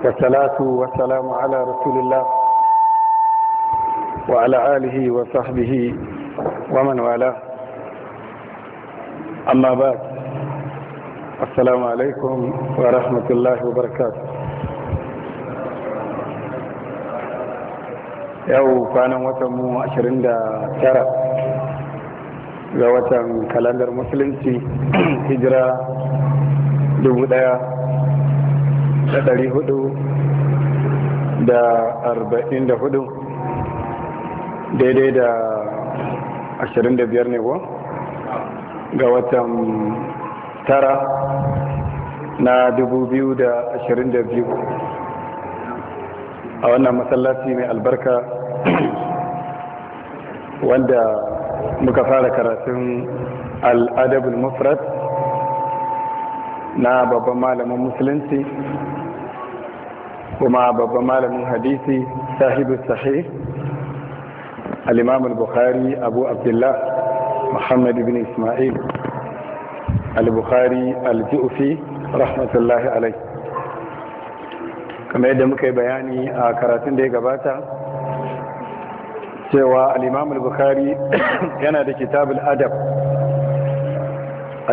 wasalatu wasalamu ala rasulillah wa ala alihi wa sahbihi wa man wala amma ba assalamu alaikum wa rahmatullahi wa yau kwanan watan mu 29 ga watan kalandar musulunci hijira ɗaya. da da arba'in daidai da ashirin ne ko ga watan tara na dubu biyu da ashirin da biyu a wannan masallaci mai albarka wanda muka fara karatun al'adabul Mufrat na babban malamin musulunci kuma babban malamin hadisi sahibu sahih al bukhari abu abdullah muhammad ibn isma'il al-bukhari al-ju'fi rahmatullahi alai kamar yadda muka yi bayani a karatun da ya gabata cewa al bukhari yana da kitabul adab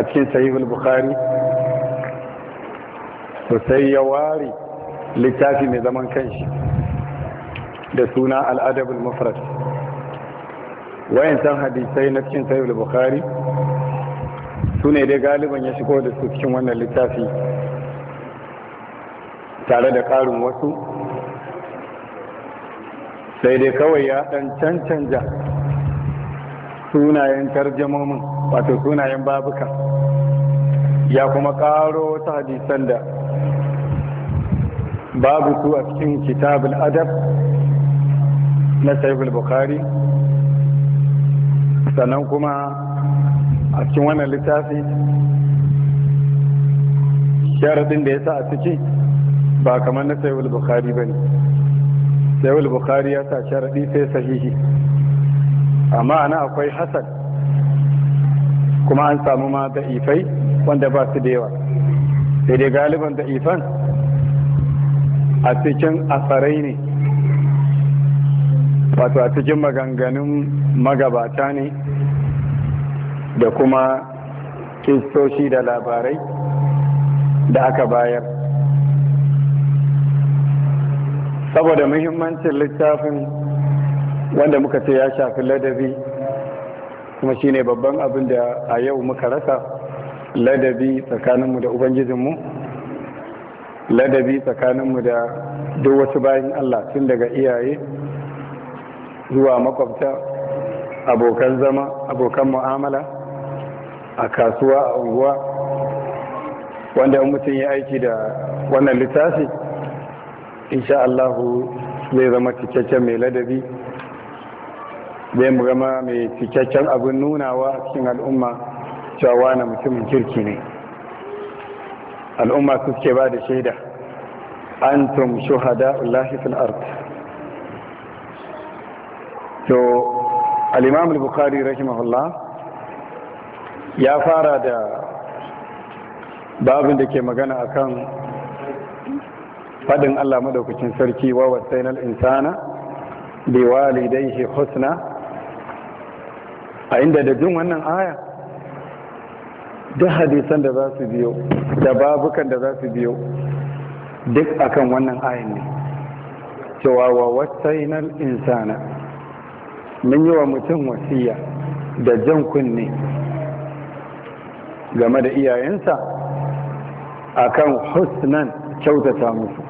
a cikin sahihul bukhari sosai ya ware littafi mai zaman kanshi da suna al'adabul mufrad Wayansan hadisai na cikin sahih bukhari su ne dai galiban ya shigo da su cikin wannan littafi tare da ƙarin wasu sai dai kawai ya ɗan cancanja sunayen tarjamomin wato sunayen babuka ya kuma ƙaro wasu hadisan da babu su a cikin kitabul adab na saiful bukari sannan kuma a cikin wannan littafi sharaɗin da ya sa a ciki ba kamar na saiful bukari ba ne al bukari ya sa sharaɗi sai sahihi amma ana akwai hasan kuma an samu ma da ifai wanda ba su da yawa sai dai galiban da ifan. a cikin asarai ne wato a cikin maganganun magabata ne da kuma kistoshi da labarai da aka bayar saboda muhimmancin littafin wanda muka ce ya shafi ladabi kuma shine babban abin da a yau muka rasa ladabi tsakaninmu da ubangijinmu ladabi tsakaninmu da duk wasu bayan Allah tun daga iyaye zuwa makwabta abokan zama abokan mu'amala a kasuwa a unguwa wanda mutum ya aiki da wannan littafi insha Allahu zai zama cikakken mai ladabi zai mu gama mai cikakken abin nunawa cikin al'umma cewa na mutumin kirki ne al'umma suke ba da shaida antum shuhada Allahi fil to al-imam al-bukhari rahimahullah ya fara da babin da ke magana akan fadin Allah madaukakin sarki wa wasainal insana bi walidayhi husna a inda da jin wannan aya duk hadisan da za su biyo da babukan da za su biyo duk akan wannan ayin ne cewa wa wasainar insana mun yi wa mutum wasiya da jan kunne game da iyayensa akan husnan kyautata musu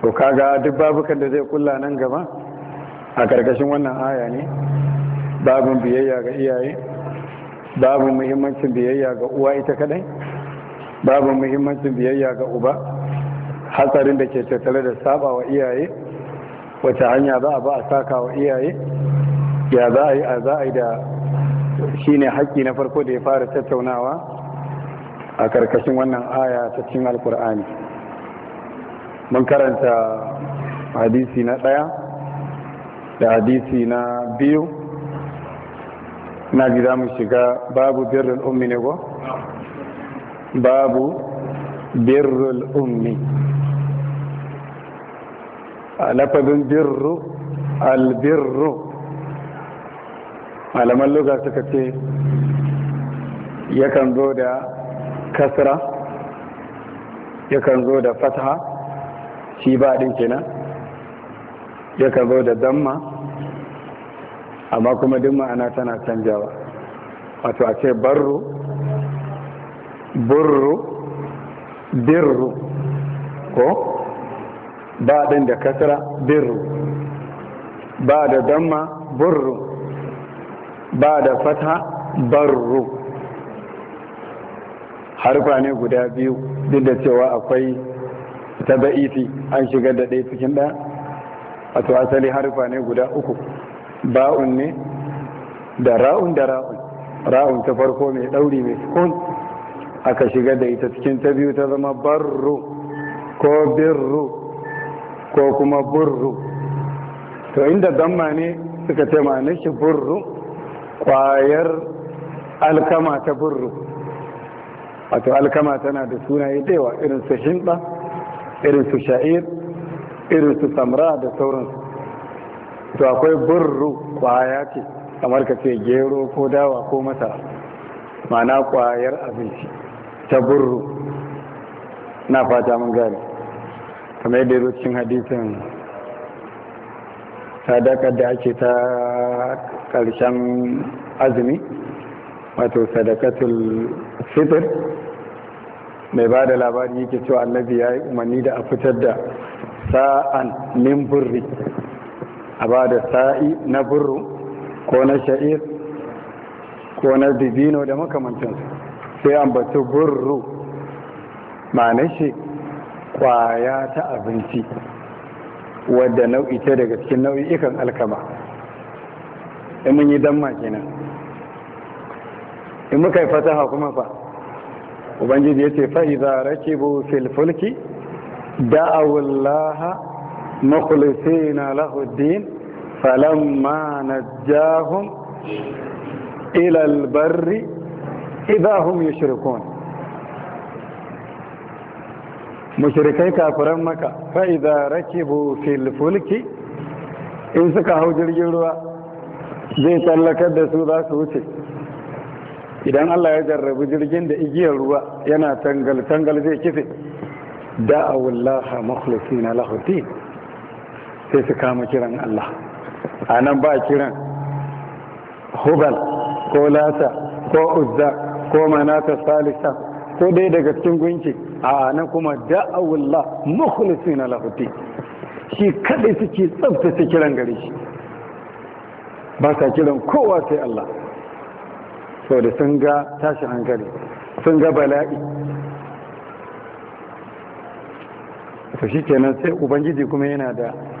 to kaga duk babukan da zai kula nan gaba a ƙarƙashin wannan aya ne babin biyayya ga iyaye babu muhimmancin biyayya ga uwa ita kadai babu muhimmancin biyayya ga uba hatsarin da ke tattare da saba wa iyaye wata hanya za a ba a saka wa iyaye ya za a yi a za a yi da shi ne haƙƙi na farko da ya fara tattaunawa a ƙarƙashin wannan aya ta cin alkur'ani mun karanta hadisi na ɗaya da hadisi na biyu na ji za mu shiga babu birrul ummi ne ko babu birrul ummi a birru albirru malaman luga suka ce yakan zo da kasra yakan zo da fatha shi ba din kenan yakan zo da damma amma kuma duk ma'ana tana canjawa wato a ce barru burru birru ko ba ɗin da kasra birru ba da damma burru ba da fata barru harfa ne guda biyu duk da cewa akwai ta an shiga da ɗaya cikin ɗaya wato asali harfa ne guda uku ba'un ne da ra'un da ra'un ra'un ta farko mai ɗauri mai sukun aka shiga da ita cikin ta biyu ta zama barru ko birru ko kuma burru to inda damma ne suka ce ma'anar shi burru kwayar alkama ta burru wato alkama tana da sunaye da yawa irin su shimba irin su sha'ir irin su samra da sauransu to akwai burru kwaya ce kamar ka ce gero ko dawa ko masara mana kwayar abinci ta burru na fata mun gani kamar yadda yazo cikin hadisin sadaka da ake ta ƙarshen azumi wato sadakatul fitr mai ba da labari yake cewa annabi ya yi umarni da a fitar da sa'an min burri a ba da sa'i na burru ko na sha'ir ko na dibino da makamancinsu sai burro burru ma'ana shi kwaya ta abinci wadda nau'i ce daga cikin nau'ikan alkama in mun yi damma kenan in muka yi fataha kuma fa ubangiji ya ce rake bu filfulki da'awullaha مخلصين له الدين فلما نجاهم إلى البر إذا هم يشركون مشركي كافران مكة فإذا ركبوا في الفلك إن سكاهو جرجروا zai tsallakar da su za su wuce idan Allah ya jarrabu jirgin da igiyar ruwa yana tangal-tangal zai kife da'awullaha na lahuddin sai su kama kiran Allah a nan ba kiran hubal ko lata ko uzza ko manata salisa ko dai daga cikin gunki a nan kuma da'awullah mukhlisina lahu shi kadai suke tsaftace kiran gare shi ba sa kiran kowa sai Allah da sun ga tashi hankali sun ga bala'i to shi kenan sai ubangiji kuma yana da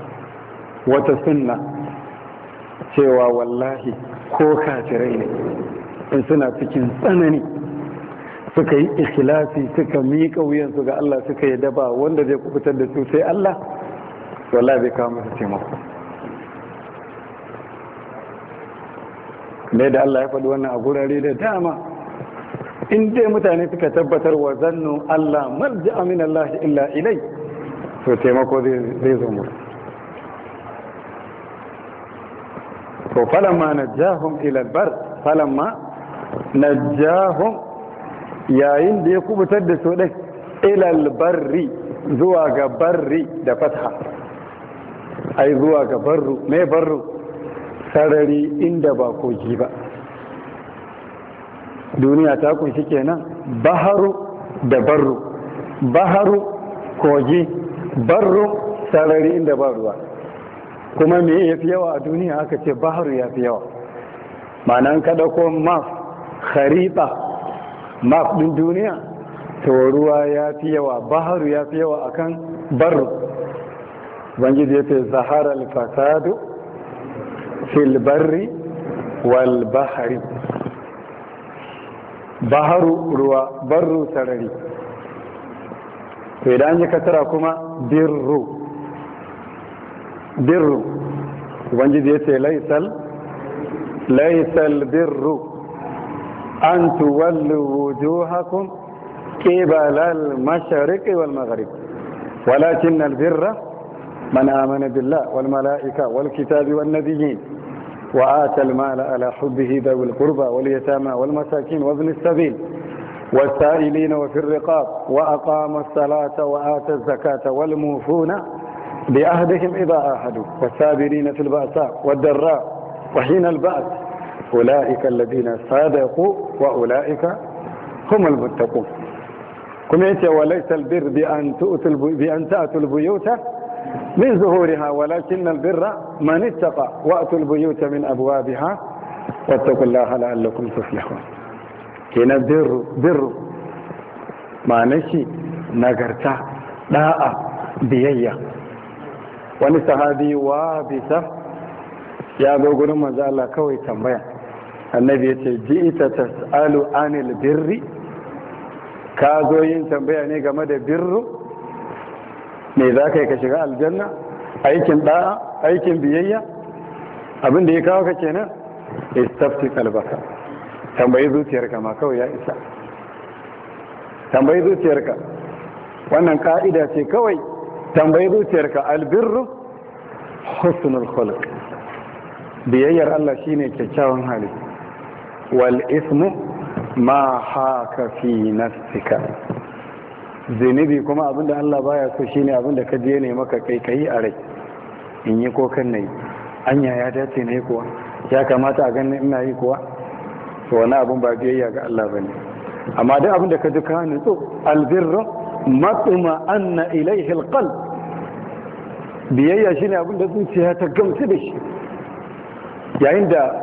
wata sunna cewa wallahi ko kafirai ne in suna cikin tsanani suka yi ikhlasi suka miƙa wuyansu ga Allah suka yi daba wanda zai kubutar da su sai Allah wallahi zai kawo musu taimako ne da Allah ya faɗi wannan a gurare da dama in dai mutane suka tabbatar wa zannu Allah marji amin Allah illa ilai to taimako zai zo musu to falamma najahum ila albar falamma najahum yayin da ya kubutar da su din ila albarri zuwa ga barri da fatha ai zuwa ga barru mai barru sarari inda ba kogi ba duniya ta kunshi kenan baharu da barru baharu kogi barru sarari inda ba ruwa kuma me ya fi yawa a duniya aka ce baharu ya fi yawa ma'anan kada ko map khariba map ɗin duniya to ruwa ya fi yawa baharu ya fi yawa akan baru ubangiji ya ce zahara al-fasadu fil barri wal bahari baharu ruwa barru sarari to idan ka katara kuma birru بر ونجد يسي ليس ال... ليس البر أن تولوا وجوهكم قبل المشرق والمغرب ولكن البر من آمن بالله والملائكة والكتاب والنبيين واتى المال على حبه ذوي القربى واليتامى والمساكين وابن السبيل والسائلين وفي الرقاب وأقام الصلاة واتى الزكاة والموفون بأهدهم إذا أهدوا والسابرين في البأساء والدراء وحين البأس أولئك الذين صادقوا وأولئك هم المتقون كم يتي وليس البر بأن, بأن تأتوا البيوت من ظهورها ولكن البر من اتقى وأتوا البيوت من أبوابها واتقوا الله لعلكم تفلحون كنا بر بر ما نشي نغرتا لا بيئة wani sahabi wa bisa ya zo gurin manzo Allah kawai tambaya annabi ya ce ita tas'alu anil birri ka zo yin tambaya ne game da birru me za ka yi ka shiga aljanna aikin da'a aikin biyayya abin da ya kawo ka kenan istafti kalbaka tambayi zuciyarka ma kawai ya isa tambayi zuciyarka wannan ka'ida ce kawai tambayi zuciyarka albirru husnul khuluq biyayyar Allah shine kyakkyawan hali wal ismu ma haka fi nafsika zunubi kuma abinda Allah baya so shine abinda ka je ne maka kai kai a rai in yi ko kan nayi anya ya dace ne kuwa ya kamata a ganin ina yi kuwa to wani abun ba biyayya ga Allah bane amma duk abinda ka ji ka nutsu albirru matuma anna ilayhi alqalb biyayya shi abin da zuciya ta gamsu da shi yayin da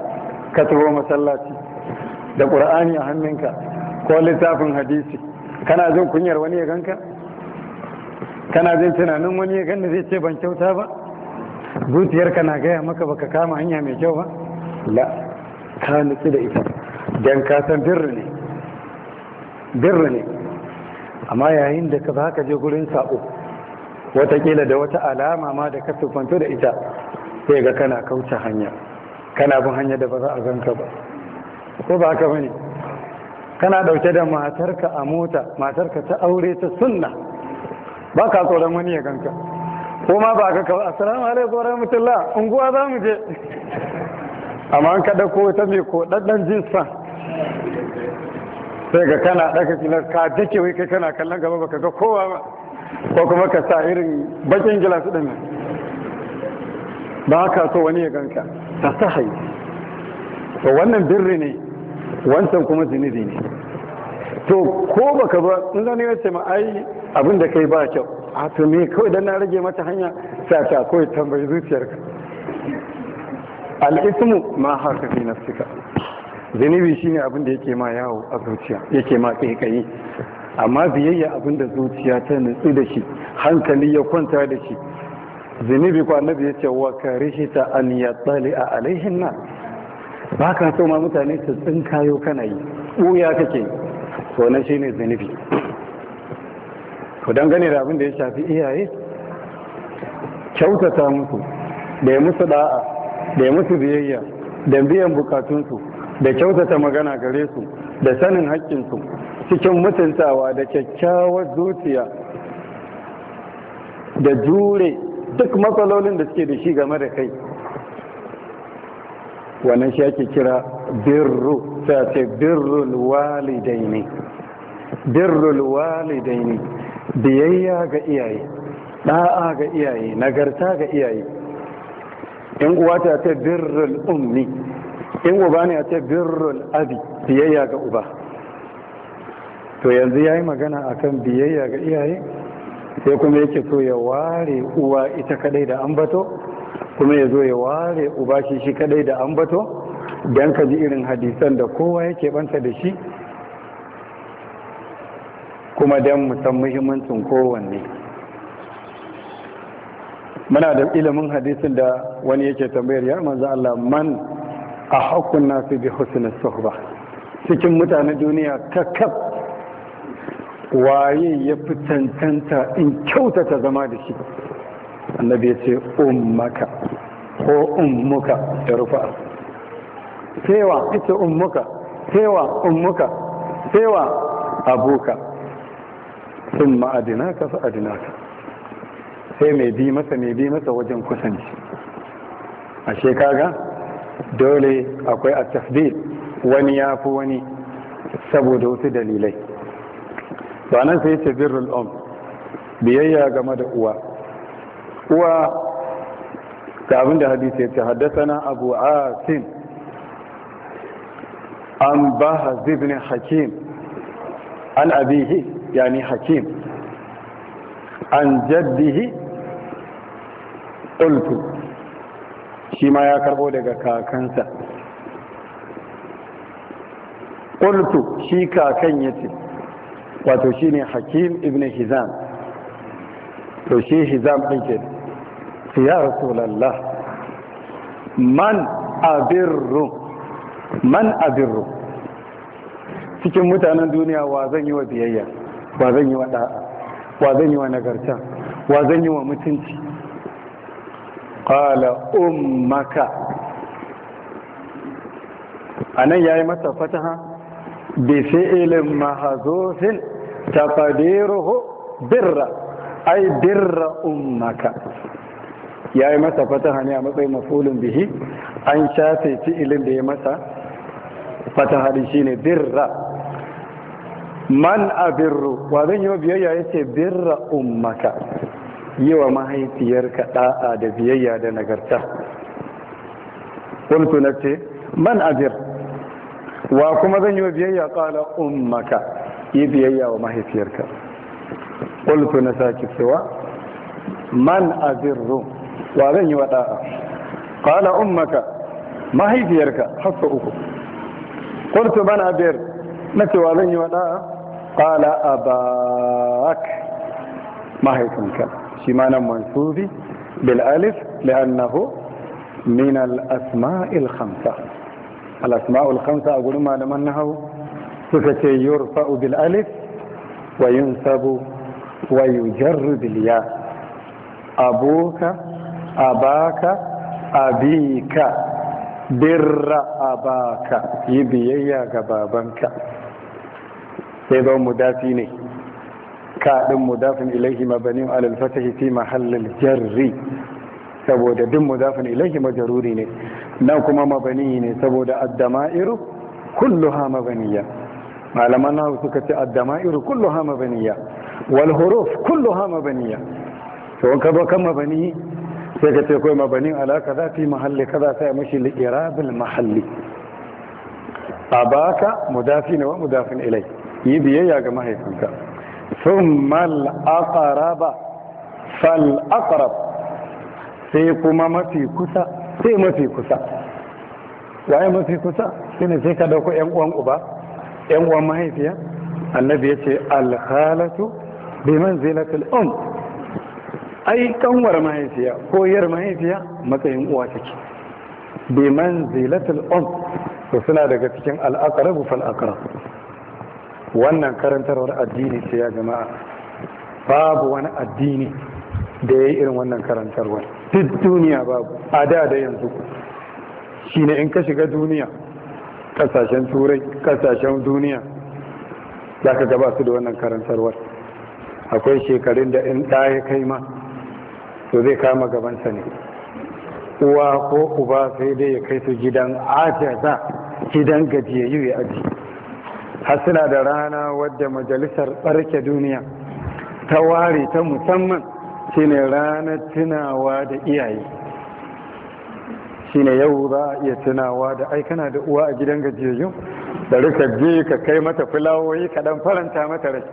ka taho masallaci da ƙura'ani a hannunka ko littafin hadisi kana jin kunyar wani ya ganka kana jin tunanin wani ya ganni zai ce ban kyauta ba zuciyarka na gaya maka baka kama hanya mai kyau ba la ka nutsu da ita don ka san birri ne birri ne amma yayin da ka ba ka je gurin sa'o watakila da wata alama ma da ka sufanto da ita sai ga kana kauce hanya kana bin hanya da ba za a ganka ba ko ba haka bane kana dauke da matarka a mota matarka ta aure ta sunna ba ka tsoron wani ya ganka ko ma ba ka kawo assalamu alaikum warahmatullah unguwa za mu je amma an kada ko ta mai ko ɗanɗan jinsa sai ga kana daka kilar ka dake wai kai kana kallon gaba baka ga kowa ba ko kuma ka sa irin bakin gilas ɗin ba ka so wani ya ganka ta hai to wannan birri ne wancan kuma zunubi ne to ko baka ba in zane ya ce ma ai abin da kai ba kyau a to me kawai dan na rage mata hanya sai ka kawai tambayi zuciyarka al'ismu ma haka fi nafsika zunubi shine abin da yake ma yawo a zuciya yake ma kai amma biyayya abinda zuciya ta nutsu da shi hankali ya kwanta da shi zunubi ko annabi ya ce wa karihita an tsali a alaihin na ba ka so ma mutane su tsin kayo kana yi ɓuya kake to na shi ne zunubi kudan dangane da abin da ya shafi iyaye kyautata musu da ya musu da'a da ya musu biyayya da biyan bukatunsu da kyautata magana gare su da sanin haƙƙinsu cikin mutuntawa da kyakkyawar zuciya da jure duk matsalolin da suke da shi game da kai wannan shi ake kira birru sai ce birrul walidai ne birrul walidai ne biyayya ga iyaye ɗa'a ga iyaye nagarta ga iyaye in uwa ta ce birrul ummi in uba ne a ce birrul abi biyayya ga uba to yanzu ya yi magana akan biyayya ga iyaye sai kuma yake so ya ware uwa ita kadai da ambato kuma ya zo ya ware uba shi shi kadai da ambato don ka ji irin hadisan da kowa yake banta da shi kuma don mu san muhimmancin kowanne muna da ilimin hadisin da wani yake tambayar ya manzo Allah man a haƙun nasu bi husna suhba cikin mutane duniya kakaf waye ya fi cancanta in kyautata zama da shi annabi ya ce ummaka ko ummuka da rufa sewa ita ummuka sewa ummuka sewa abuka sun ma'adinaka su adinaka sai mai bi masa mai bi masa wajen kusanci a shekaga dole akwai a tafdil wani ya fi wani saboda wasu dalilai ba nan sai ce birrul om um, biyayya game da uwa uwa ga abin da hadisi ya ce na abu asim an ba hazibin hakim an abihi yani hakim an jaddihi ƙultu shi ma ya karbo daga kakansa ƙultu shi kakan ya ce wato shi ne hakim ibn hizam to shi hizam ɗin ke ya rasulallah man abirru man abirru cikin mutanen duniya wa zan yi wa biyayya wa zan yi wa da'a wa zan yi wa nagarta wa zan yi wa mutunci qala ummaka anan yayi mata fataha bi fi'lin mahzufin taqdiruhu birra ay birra ummaka yayi mata fataha ne a matsayin maf'ulun bihi an shafe fi'ilin da ya masa fataha din shine birra man abirru wa zan yi biyayya yace birra ummaka yi wa mahaifiyarka da'a da biyayya da nagarta na ce man ajir wa kuma zan yi wa biyayya ƙala ummaka yi biyayya wa mahaifiyarka qultu na sake cewa man azirru wa zan yi wa da'a ƙala ummaka mahaifiyarka hasso uku qultu man na ce wa zan yi wa da'a ƙala abak mahaifinka shi ma nan mansubi bil alif li'annahu min al asma'il khamsa al asma'ul khamsa a gurin malaman nahawu suka ce yurfa'u bil alif wa yunsabu wa yujarru bil ya abuka abaka abika birra abaka yi biyayya ga babanka sai ba mu dafi ne kaɗin mudafin ilaihi mabanin alal fatahi fi mahallin jarri saboda duk mudafin ilaihi majaruri ne nan kuma mabani ne saboda addama'iru ha mabaniya malaman nahu suka ce addama'iru kulluha mabaniya wal huruf ma mabaniya to in ka zo kan mabani sai ka ce kai mabani ala kaza fi mahalli kaza sai mashi bil mahalli abaka ne wa mudafin ilai yi biyayya ga mahaifinka thumma al-aqraba fal aqrab sai kuma mafi kusa sai mafi kusa waye mafi kusa shine sai ka dauko yan uwan uba yan uwan mahaifiya annabi yace al khalatu bi manzilati al um ai ko yar mahaifiya matsayin uwa take bi manzilati al um to suna daga cikin al aqrab fal wannan karantarwar addini ce ya jama'a babu wani addini da ya yi irin wannan karantarwar duk duniya babu a da da yanzu ne in ka shiga duniya kasashen turai kasashen duniya za ka gaba su da wannan karantarwar akwai shekarun da in ɗaya kai ma to zai kama gabansa ne uwa ko uba sai dai ya kai su gidan za, gidan gajiyayyu ya ajiye. har suna da rana wadda majalisar ɓarke duniya ta ware ta musamman shine ranar tunawa da iyaye shine yau za a iya tunawa da aikana da uwa a gidan gajiyayyu da rikar je ka kai mata fulawoyi ka dan faranta mata rai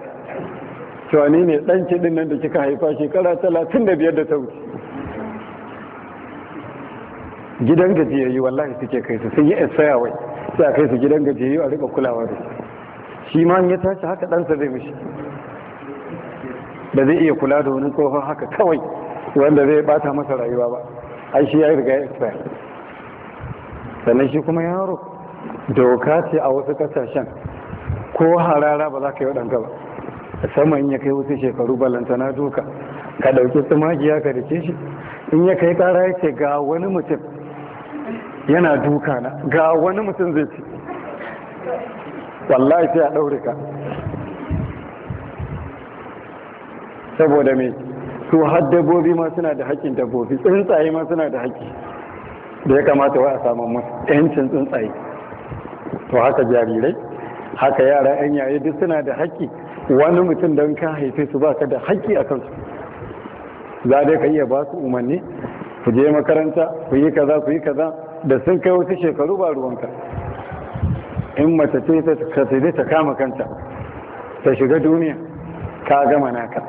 cewa ne dan kiɗin nan da kika haifa shekara talatin da biyar da ta wuce gidan gajiyayyu wallahi suke kai su sun yi esayawai sai a kai su gidan gajiyayyu a rika kulawa da su shi ma ya tashi haka ɗansa zai mishi ba zai iya kula da wani tsohon haka kawai wanda zai bata masa rayuwa ba ai shi ya riga ya expire sannan shi kuma yaro doka ce a wasu kasashen ko harara ba za ka yi waɗanka ba in ya kai wasu shekaru balanta na doka ka ɗauki magiya ka rike shi in ya kai ƙara ya ce ga wani mutum yana duka na ga wani mutum zai ce wallahi sai a ɗaure ka saboda mai su har dabbobi ma suna da haƙƙin dabbobi tsuntsaye ma suna da haƙƙi da ya kamata wa a samun musu yancin tsuntsaye to haka jarirai haka yara yan yaye duk suna da haƙƙi wani mutum don ka haife su baka da haƙƙi a kansu za dai ka iya ba su umarni ku je makaranta ku yi kaza ku yi kaza da sun kai wasu shekaru ba ruwanka in mace ce ta kasance ta kama kanta ta shiga duniya ka gama naka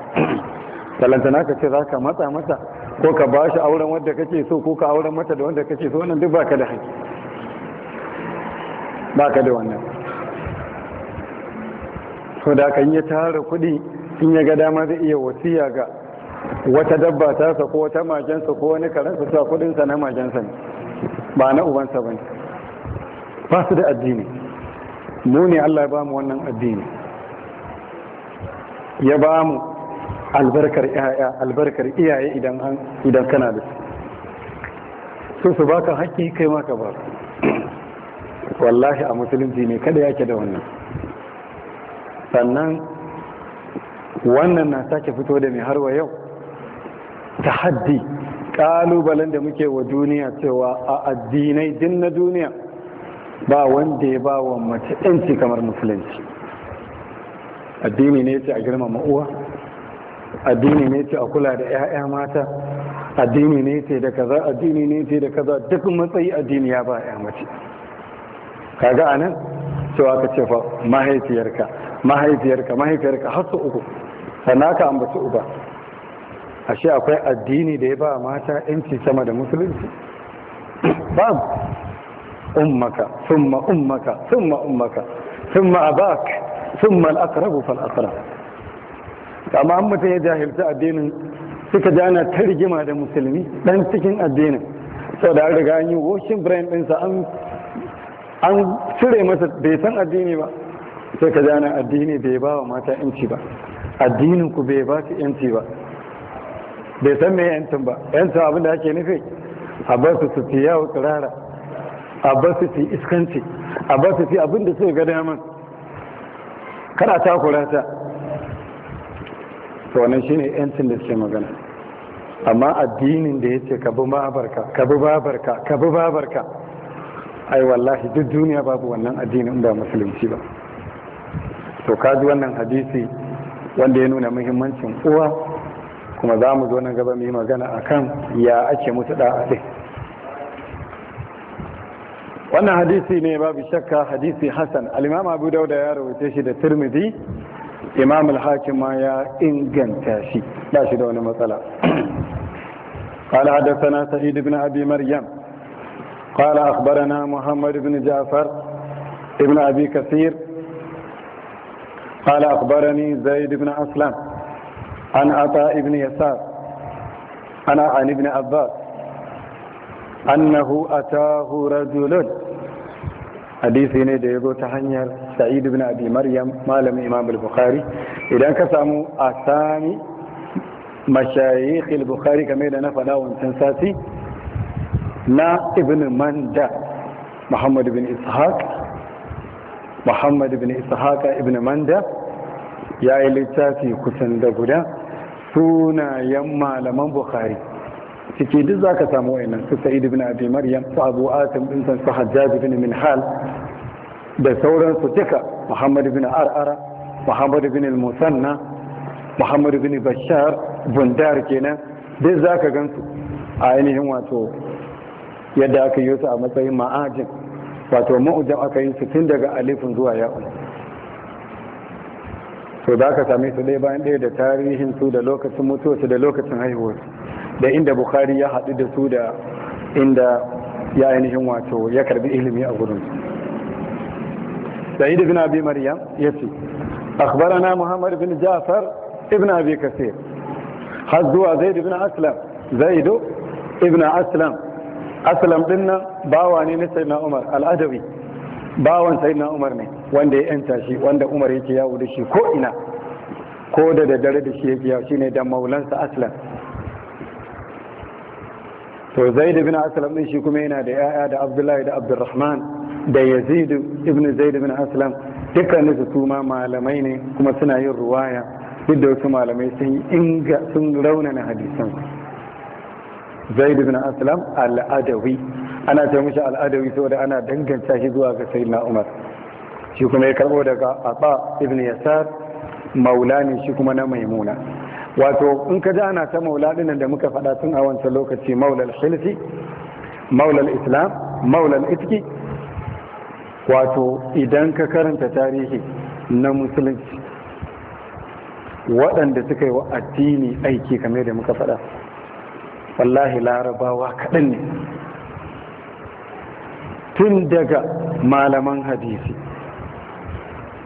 talanta ka ce za ka matsa mata ko ka ba shi auren wadda kake so ko ka auren mata da wanda kake so wannan duk baka da haƙƙi baka da wannan so da kan yi tara kuɗi in ya ga dama zai iya wasiya ga wata dabba ta sa ko wata magensa ko wani karansa sa kuɗinsa na magensa ne ba na ubansa ba ne ba su da addini mu Allah ya ba mu wannan addini ya ba mu albarkar iyaye albarkar iyaye idan idan kana da su su baka haƙƙi kai ma ka ba wallahi a musulunci ne kada yake da wannan sannan wannan na sake fito da mai harwa yau ta haddi ƙalubalen da muke wa duniya cewa a addinai din na duniya ba wanda ya ba wa mace yanci kamar musulunci addini ne ce a girmama uwa addini ne ce a kula da 'ya'ya mata addini ne ce da kaza addini ne ce da kaza duk matsayi addini ya ba 'ya mace kaga anan cewa ka ce fa mahaifiyarka mahaifiyarka mahaifiyarka har su uku sannan ka ambaci uba ashe akwai addini da ya ba mata yanci sama da musulunci ba أمك ثم أمك ثم أمك ثم أباك ثم الأقرب فالأقرب كما أمت يا ya jahilta addinin suka ji ana ta rigima da musulmi dan cikin addinin saboda an riga an yi woshin brain ɗinsa an cire masa bai san addini ba sai ka ji addini bai ba wa mata yanci ba addinin ku bai ba su yanci ba bai san me yancin ba yancin abin ake nufi a ba su su tsirara a ba su fi iskanci a su fi abin da suka ga daman kada kura ta to wannan ne yancin da suke magana amma addinin da ya ka bi babarka ka bi babarka ka bi babarka ai wallahi duk duniya babu wannan addinin ba musulunci ba to kaji wannan hadisi wanda ya nuna muhimmancin uwa kuma za mu zo nan gaba mu yi magana akan ya ake mutu da'a wannan hadisi ne babu shakka hadisi hasan al-imam abu dauda ya rawaita shi da tirmidhi imam al-hakim ma ya inganta shi ba shi da wani matsala قال حدثنا سعيد بن أبي مريم قال أخبرنا محمد بن جعفر ابن أبي كثير قال أخبرني زيد بن أسلم عن عطاء بن يسار أنا عن ابن عباس annahu atahu rajulun hadisi ne da ya zo ta hanyar sa'id ibn abi maryam malamin imam al-bukhari idan ka samu asani mashayikh al-bukhari kamar da na fada wancan sati na ibn manda muhammad ibn ishaq muhammad ibn ishaq ibn manda ya yi littafi kusan da guda sunayen malaman bukhari ciki duk za ka samu wayannan su sa'id ibn abi maryam su abu asim din san su ibn minhal da sauransu duka muhammad ibn ar'ara muhammad ibn al-musanna muhammad ibn bashar bundar kenan duk za ka gansu a ainihin wato yadda aka yi su a matsayin ma'ajin wato ma'ujan aka yi su tun daga alifin zuwa yau to da aka same su ɗaya bayan ɗaya da tarihin su da lokacin mutuwarsu da lokacin haihuwarsu da inda bukhari ya haɗu da su da inda ya ainihin wato ya karbi ilimi a gurin sa'id ibn abi maryam yace akhbarana muhammad bin ja'far ibn abi kasir har zuwa zaid ibn aslam zaid ibn aslam aslam dinna bawa ne na sayyidina umar al-adawi bawan sayyidina umar ne wanda ya yanta shi wanda umar yake yawo da shi ko ina ko da daddare da shi yake yawo shine da maulansa aslam to zaid ibn aslam din shi kuma yana da yaya da abdullahi da abdurrahman da yazid ibn zaid ibn aslam dukkanin su suma malamai ne kuma suna yin ruwaya duk da wasu malamai sun inga sun raunana hadisan zaid ibn aslam al-adawi ana ce mishi al-adawi saboda ana danganta shi zuwa ga sayyidina umar shi kuma ya karbo daga aba ibn yasar maulani shi kuma na maimuna wato in ka ji ana ta maula dinan da muka faɗa tun a wancan lokaci maulal hilfi maulal islam maulal itki wato idan ka karanta tarihi na musulunci waɗanda suka yi wa addini aiki kamar da muka faɗa wallahi larabawa kaɗan ne tun daga malaman hadisi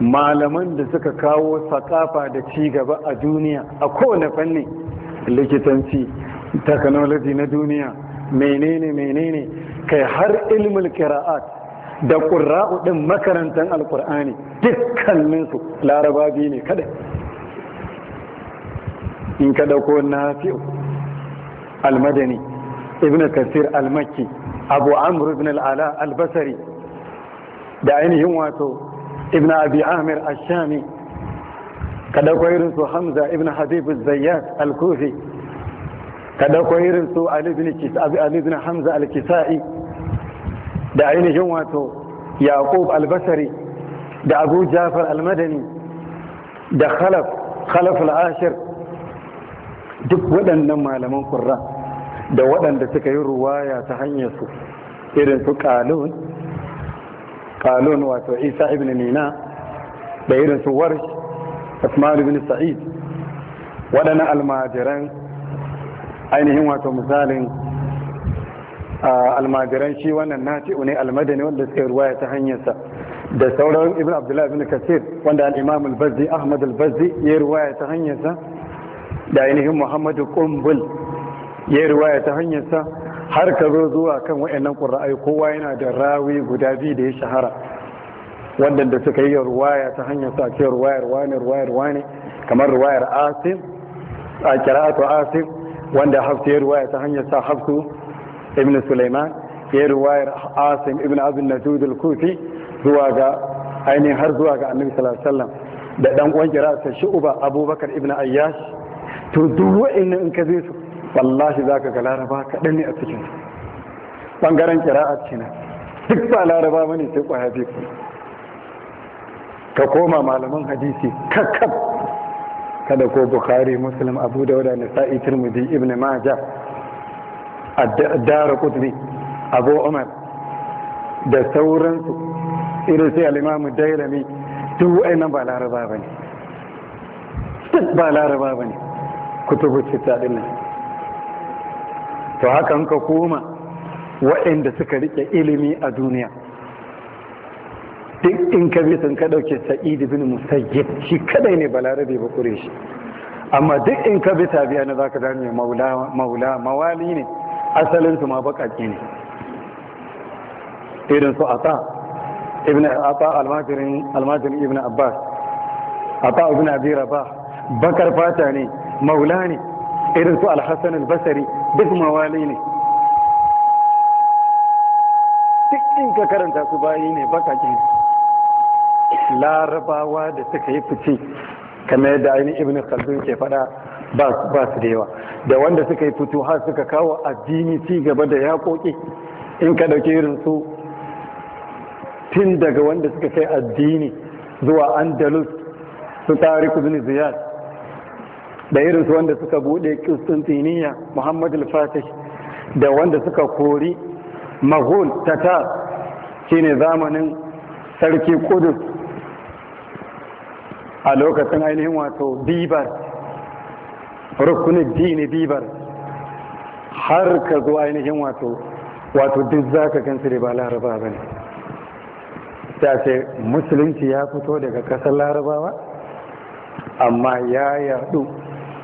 malaman da suka kawo sakafa da ci gaba a duniya a kowane fanni likitanci technology na duniya menene menene kai har ilmul kira'at da ƙura'u ɗin makarantar alƙur'ani dukkaninsu laraba biyu ne kada in ka ɗauko na almadani ibn kasir almaki abu amr ibn al'ala albasari da ainihin wato ibn abi amir ashami ka dauko irin su hamza ibn habib Zayyad al-kufi ka dauko irin su ali ibn hamza al-kisa'i da ainihin wato yaqub al-basri da abu jafar al-madani da khalaf khalaf al-ashir duk waɗannan malaman qurra da waɗanda suka yi ruwaya ta hanyar su irin su qalun kalon wato isa ibn mina da irin su warsh asma'ul ibn sa'id waɗannan almajiran ainihin wato misalin almajiran shi wannan na nafi'u ne almadani wanda suka ruwaya ta hanyarsa da sauran ibn abdullahi ibn kasir wanda al-imam al-bazzi ahmad al-bazzi ya ruwaya ta hanyarsa da ainihin muhammadu kumbul ya ruwaya ta hanyarsa har ka zo zuwa kan wa'annan ƙura'ai kowa yana da rawi guda biyu da ya shahara waɗanda suka yi ruwaya ta hanyar sa ce ruwayar wani ruwayar wani kamar ruwayar asim a kira'atu asim wanda hafsu ya ruwaya ta hanyar sa hafsu ibn suleiman ya ruwayar asim ibn abin na judul kufi zuwa ga ainihin har zuwa ga annabi sallallahu alaihi wasallam da dan uwan kira'atu shu'ba abubakar ibn ayyash to duk wa'annan in ka zai su wallahi za ka ga laraba kaɗan ne a cikin ɓangaren kira'a cina duk ba laraba mani sai ƙwaya ku ka koma malaman hadisi kakkab kada ko bukhari muslim abu da wadanda sa'i turmudi ibn maja a dara qutbi abu umar da sauransu irin sai alimamu dairami duk wayannan ba laraba ba ne? duk ba laraba ba ne kutubu sita dinnan to hakan ka koma waɗanda suka rike ilimi a duniya duk in ka bi sun ka ɗauke Sa'idu bin musayyib shi kadai ne balarabe ba kure shi amma duk in ka bi tabiya na zaka gane maula maula mawali ne asalin su ma bakaki ne irin su ata ibn ata almajirin almajirin ibn abbas ata ibn abi rabah bakar fata ne maula ne irin su alhassan albasari duk mawali ne duk in ka karanta su bayi ne bakakin larabawa da suka yi fice kamar yadda ainihin ibn khaldun ke faɗa ba su da yawa da wanda suka yi fito har suka kawo addini ci gaba da yaƙoƙi in ka ɗauki irin su tun daga wanda suka kai addini zuwa andalus su tariku bin ziyad da irin su wanda suka bude kristantiniya Muhammad al-Fatih da wanda suka kori Maghul Tatar shine zamanin sarki Kudus a lokacin ainihin wato Bibar rukunin dini Bibar har ka zo ainihin wato wato duk ka gansu da ba laraba ne, ta ce musulunci ya fito daga ƙasar larabawa amma ya yadu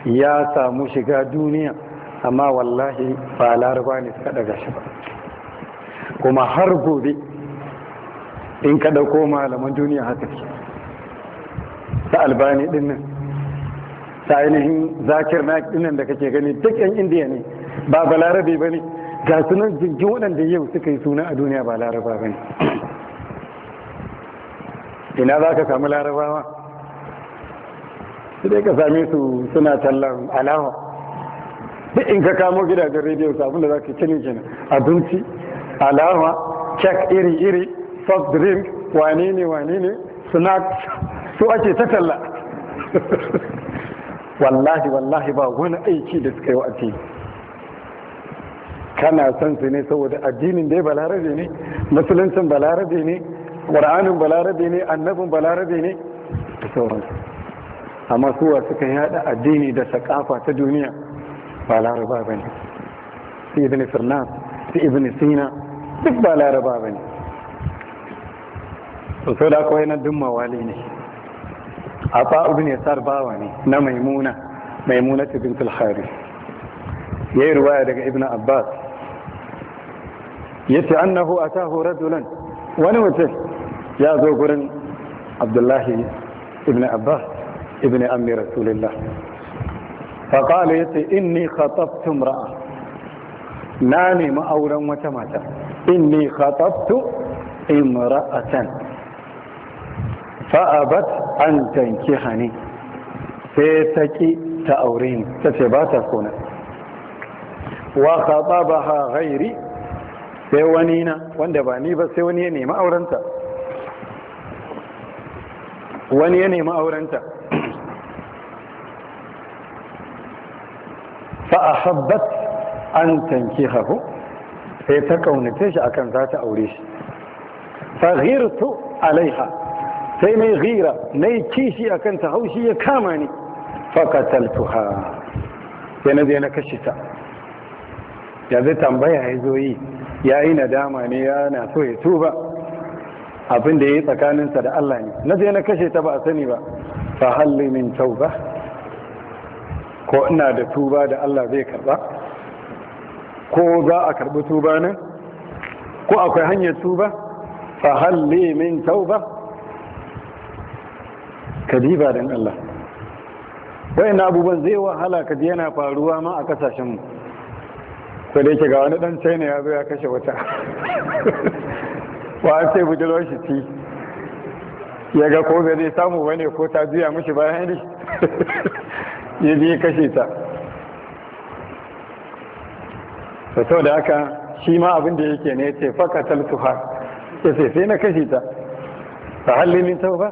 ya samu shiga duniya amma wallahi ba laraba ne suka daga shi ba kuma har gobe in ka dauko malaman duniya haka ce ta albani din nan ta ainihin zakir na dinnan da kake gani duk yan indiya ne ba ba larabe ba ne ga sunan jirgin waɗanda yau suka yi suna a duniya ba laraba ba ne ina za ka samu larabawa su dai ka same su suna tallan alawa duk in ka kamo gidajen rediyo sabon da za ka cini kenan abinci alawa check iri-iri soft drink wane ne wane ne snack su ake ta talla wallahi wallahi ba wani aiki da suka yi wa kana son su ne saboda addinin dai balarabe ne musuluncin balarabe ne ƙur'anin balarabe ne annabin balarabe ne da sauransu amma suwa suka yada addini da sakafa ta duniya ba laraba ba ne su ibn firnas su ibn sina duk ba laraba ba ne sosai da kawai na dun mawali ne a ba ibn yasar bawa ne na maimuna maimuna ta bintul Ya yi ruwaya daga ibn abbas Ya ce annahu atahu rajulan wani mutum ya zo gurin abdullahi ibn abbas Ibni ammi rasulillah faƙala ya ce inni khatabtu ra'a na nemi auren wata mata inni khatabtu imra'atan fa'abat an tankihani sai ta ki ta aure ni ta ce ba ta sona wa khatabaha ghairi sai wani na wanda ba ni ba sai ya wani ya nemi aurenta fa an an haku sai ta kaunace shi akan za ta aure shi fa alaiha sai mai na yi kishi a akan ta haushi ya kama ni fa ha sai na je na kashe ta ya zai tambaya ya zo yi ya yi nadama ne ya na so ya tuba abin da ya yi tsakaninsa da Allah ne na je na kashe ta ba a sani ba fa tau min tauba ko ina da tuba da Allah zai karba ko za a karbi tuba nan ko akwai hanyar tuba fa halli min tauba kadiba dan Allah wayan abubuwan zai wahala kaji yana faruwa ma a kasashen mu ko da yake ga wani dan China ya zo ya kashe wata wa sai budurwar shi ci ya ga ko zai samu bane ko ta juya mishi bayan shi ya ya kashe ta da sau da haka shi ma abin da yake ne ce fakatar tuha ya ce sai na kashe ta ta hallilin ba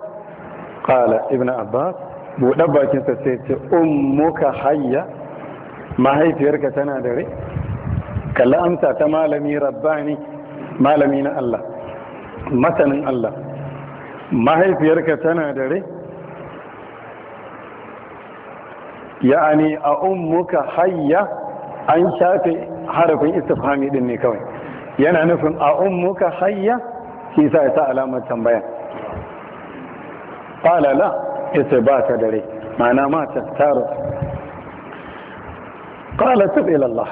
kala ibn abbas buɗa bakinsa sai ce ummuka hayya mahaifiyarka tana da rai kalla amsa ta malami rabbani malami na Allah masanin Allah mahaifiyarka tana da rai ya'ani a ummuka hayya an shafe harafin istifhami din ne kawai yana nufin a ummuka hayya shi sa ya sa alamar tambaya qala la ita ba ta dare ma'ana ma ta taro qala tub ila Allah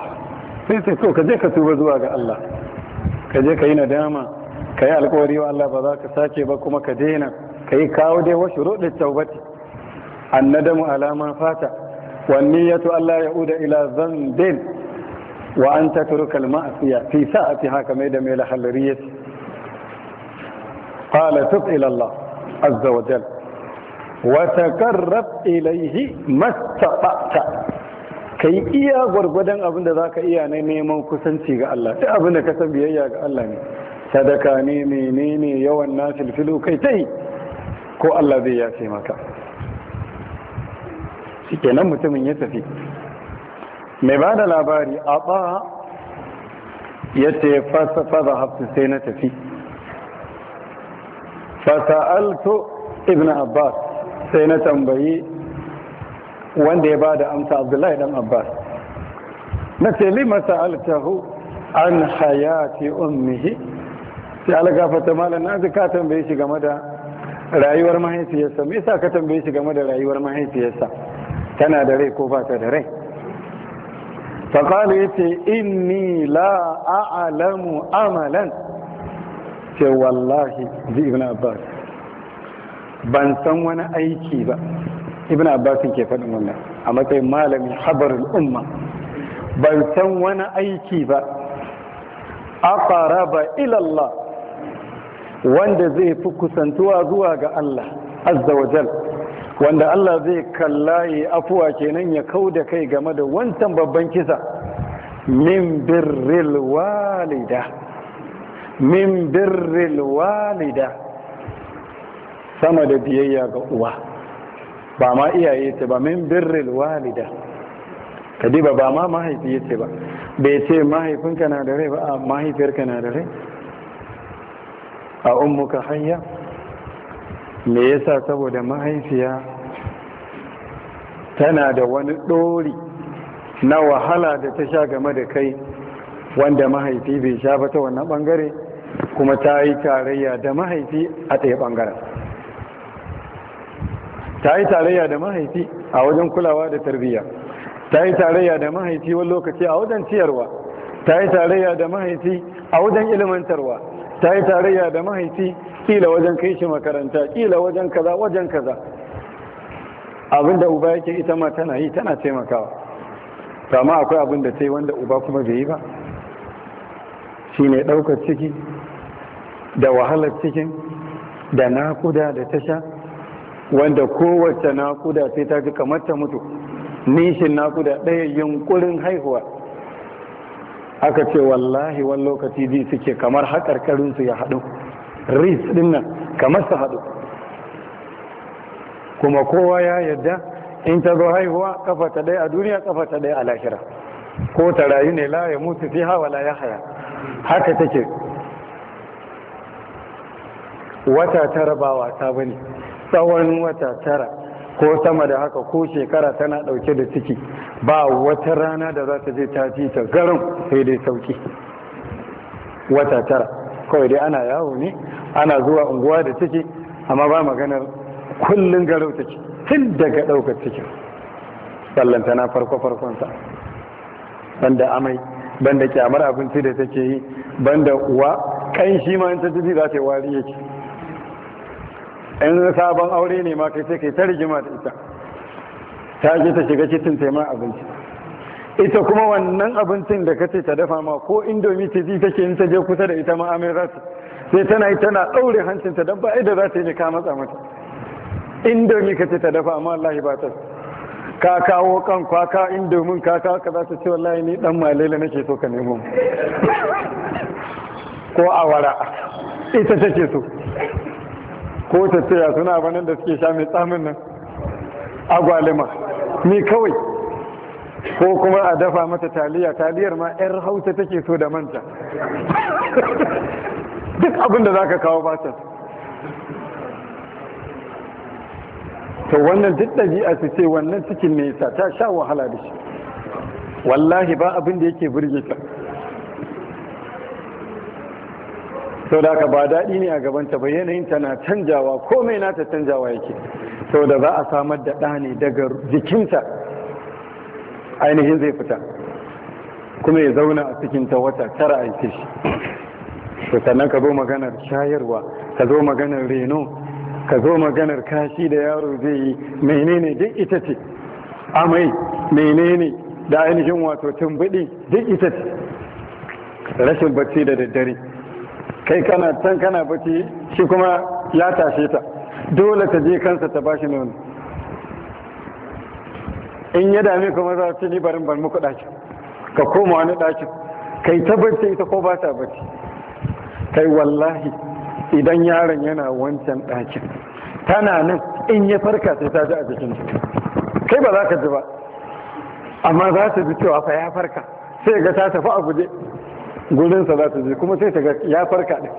sai sai to ka je ka tuba zuwa ga Allah ka je ka yi nadama ka yi alkawari wa Allah ba za ka sake ba kuma ka daina ka yi kawo dai wasu rudin taubati annadamu alama fata والنية ألا يعود إلى ذنب وأن تترك المعصية في ساعتها كما يدم إلى حلرية قال تب إلى الله عز وجل وتقرب إليه ما استطعت kai iya gwargwadon abin da zaka iya na neman kusanci ga Allah duk abin da ka san biyayya ga Allah ne sadaka ne menene yawan filfilo kai tai ko Allah zai yafe maka nan mutumin ya tafi mai ba da labari a ba ya ce fasa hafsu sai na tafi fasa'altu ibn abbas sai na tambayi wanda ya ba da amsa abdullahi dan abbas na ce lima sa'altahu an hayati ummihi sai algafata malam na ka tambaye shi game da rayuwar mahaifiyarsa me sa ka tambaye shi game da rayuwar mahaifiyarsa tana da rai ko ba ta da rai faƙali ya ce inni la a'alamu amalan ce wallahi ji ibn abbas ban san wani aiki ba ibn abbas ke faɗin wannan a matsayin malamin habarul umma ban san wani aiki ba fara ila Allah wanda zai fi kusantuwa zuwa ga Allah azza wa jalla wanda Allah zai kalla ya afuwa kenan ya kau da kai game da wancan babban kisa min birril walida min birril walida sama da biyayya ga uwa ba ma iyaye ce ba min birril walida kadiba ba ma mahaifi ce ba bai ce mahaifinka na da rai ba a mahaifiyarka na da rai a ummuka hanya me yasa saboda mahaifiya tana da wani ɗori na wahala da ta sha game da kai wanda mahaifi bai sha ba ta wannan ɓangare kuma ta yi tarayya da mahaifi a ɗaya ɓangaren ta yi tarayya da mahaifi a wajen kulawa da tarbiyya ta yi tarayya da mahaifi wani lokaci a wajen ciyarwa ta yi tarayya da mahaifi a wajen ilimantarwa ta yi tarayya da mahaifi kila wajen kai shi makaranta kila wajen kaza wajen kaza abinda uba yake ita ma tana yi tana taimakawa kama akwai abin ta yi wanda uba kuma bai yi ba shi ne ɗaukar ciki da wahalar cikin da nakuda da tasha wanda kowace nakuda sai ta ji kamar ta mutu nishin nakuda ɗaya yunkurin haihuwa aka ce wallahi wani lokaci ji suke kamar haƙarƙarinsu ya haɗu ris ɗin nan kamar su haɗu kuma kowa ya yadda in ta zo haihuwa kafa ta ɗaya a duniya kafa ta ɗaya a lahira ko ta rayu ne la ya mutu fi hawa la ya haya haka take wata tara ba wata ba ne tsawon wata tara ko sama da haka ko shekara tana ɗauke da ciki ba wata rana da za ta je ta ji ta garin sai dai sauki wata tara kawai dai ana yawo ne ana zuwa unguwa da ciki, amma ba maganar kullum garau take tun daga ɗaukar cikin sallanta na farko farkonsa banda amai banda kyamar abinci da take yi banda uwa kan shi ma in ta ji za ta yi wari yake in sabon aure ne ma kai sai kai ta rigima da ita ta je ta shiga cikin taimar abinci ita kuma wannan abincin da kace ta dafa ma ko indomi ce ji take in ta je kusa da ita ma amin rasu sai tana yi tana ɗaure hancin don ba idan za ta yi ka matsa mata indomi kace ta dafa amma wallahi ba ta ka kawo kan kwaka indomin ka kawo ka za ta ce wallahi ni dan malele nake so ka nemo ko awara ita take so ko ta tsaya suna banan da suke sha mai tsamin nan agwalima ni kawai ko kuma a dafa mata taliya taliyar ma 'yar hausa take so da manta duk abin za ka kawo batas. to wannan duk ɗabi'a su ce wannan cikin nesa ta sha wahala da shi wallahi ba abinda yake burgeta sau da ba daɗi ne a gabanta ba yanayin na canjawa komai ta canjawa yake sau da za a samar da ɗane daga jikinta ainihin zai fita kuma ya zauna a cikin ta wata tara a yake shi to sannan ka zo maganar shayarwa ka zo maganar reno ka zo maganar kashi da yaro zai yi menene duk ita ce amai menene da ainihin wato tumbuɗi duk ita ce rashin bacci da daddare kai kana can kana bace shi kuma ya tashe ta dole ta je kansa ta bashi nono in ya dame kuma za ce ni barin bar muku ɗakin ka koma wani ɗakin kai ta bace ita ko ba ta bace kai wallahi idan yaron yana wancan ɗakin tana nan in ya farka sai ta ji a jikin kai ba za ka ji ba amma za ta ji cewa fa ya farka sai ga ta tafi a guje gurinsa za su je kuma sai ta ga ya farka ɗin